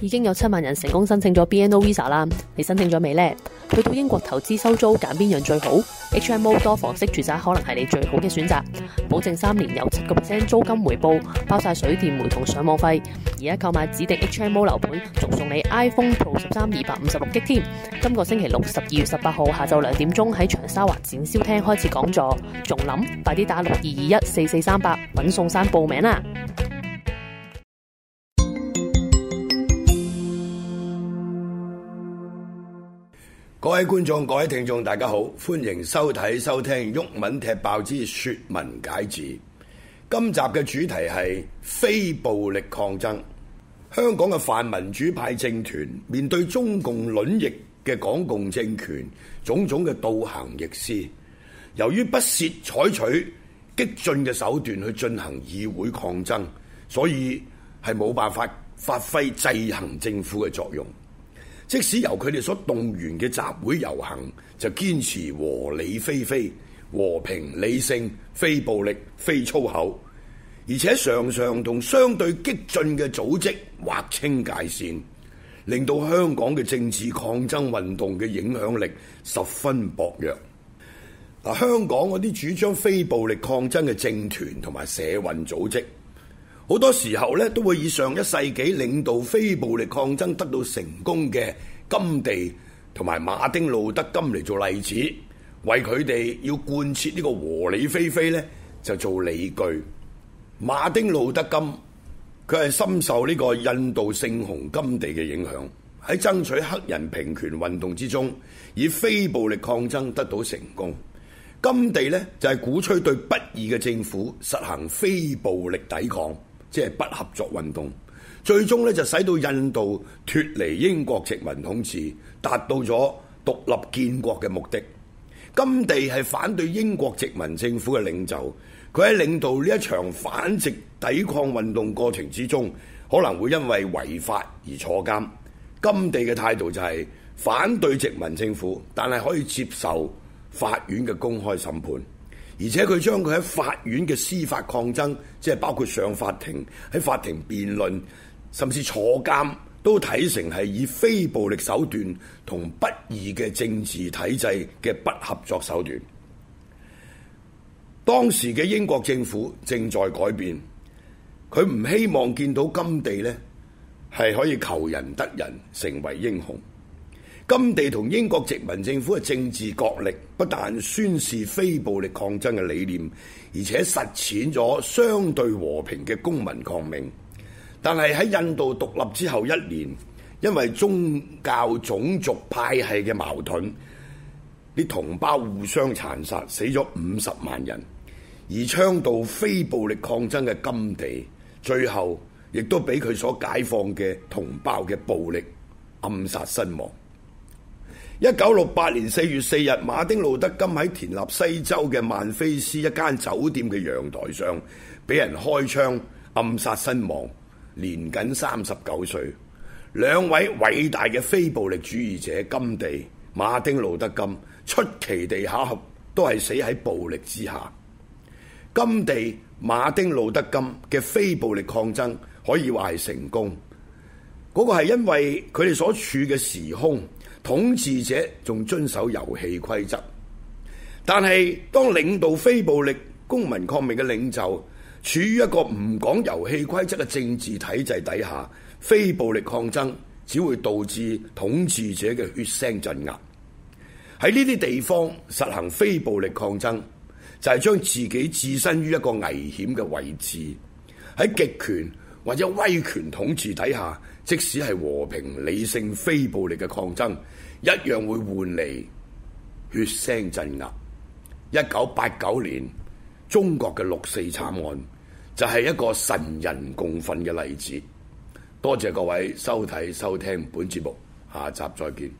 已經有七萬人成功申請咗 BNO Visa 啦，你申請咗未呢？去到英國投資收租揀邊樣最好？HMO 多房式住宅可能係你最好嘅選擇，保證三年有七個 percent 租金回報，包晒水電煤同上網費。而家購買指定 HMO 樓盤，仲送你 iPhone Pro 十三二百五十六 G 添。今個星期六十二月十八號下晝兩點鐘喺長沙灣展銷廳開始講座，仲諗快啲打六二二一四四三八揾宋生報名啦。各位觀眾、各位聽眾，大家好，歡迎收睇、收聽《毓民踢爆之說文解字》。今集嘅主題係非暴力抗爭。香港嘅泛民主派政團面對中共卵翼嘅港共政權，種種嘅倒行逆施，由於不屑採取激進嘅手段去進行議會抗爭，所以係冇辦法發揮制衡政府嘅作用。即使由佢哋所動員嘅集會遊行，就堅持和理非非、和平理性、非暴力、非粗口，而且常常同相對激進嘅組織劃清界線，令到香港嘅政治抗爭運動嘅影響力十分薄弱。嗱，香港嗰啲主張非暴力抗爭嘅政團同埋社運組織。好多時候咧，都會以上一世紀領導非暴力抗爭得到成功嘅金地同埋馬丁路德金嚟做例子，為佢哋要貫徹呢個和理非非咧，就做理據。馬丁路德金佢係深受呢個印度聖雄金地嘅影響，喺爭取黑人平權運動之中，以非暴力抗爭得到成功。金地咧就係、是、鼓吹對不義嘅政府實行非暴力抵抗。即係不合作運動，最終呢就使到印度脫離英國殖民統治，達到咗獨立建國嘅目的。甘地係反對英國殖民政府嘅領袖，佢喺領導呢一場反殖抵抗運動過程之中，可能會因為違法而坐監。甘地嘅態度就係反對殖民政府，但係可以接受法院嘅公開審判。而且佢將佢喺法院嘅司法抗爭，即係包括上法庭、喺法庭辯論，甚至坐監，都睇成係以非暴力手段同不義嘅政治體制嘅不合作手段。當時嘅英國政府正在改變，佢唔希望見到甘地呢係可以求仁得仁，成為英雄。甘地同英國殖民政府嘅政治角力，不但宣示非暴力抗爭嘅理念，而且實踐咗相對和平嘅公民抗命。但係喺印度獨立之後一年，因為宗教、種族、派系嘅矛盾，啲同胞互相殘殺，死咗五十萬人。而倡導非暴力抗爭嘅甘地，最後亦都俾佢所解放嘅同胞嘅暴力暗殺身亡。一九六八年四月四日，馬丁路德金喺田納西州嘅曼菲斯一間酒店嘅陽台上，俾人開槍暗殺身亡，年僅三十九歲。兩位偉大嘅非暴力主義者甘地、馬丁路德金，出奇地巧合都係死喺暴力之下。甘地、馬丁路德金嘅非暴力抗爭可以話係成功，嗰個係因為佢哋所處嘅時空。統治者仲遵守遊戲規則，但係當領導非暴力公民抗命嘅領袖，處於一個唔講遊戲規則嘅政治體制底下，非暴力抗爭只會導致統治者嘅血腥鎮壓。喺呢啲地方實行非暴力抗爭，就係將自己置身於一個危險嘅位置，喺極權，或者威權統治底下，即使係和平、理性、非暴力嘅抗爭，一樣會換嚟血腥鎮壓。一九八九年中國嘅六四慘案，就係一個神人共憤嘅例子。多謝各位收睇收聽本節目，下集再見。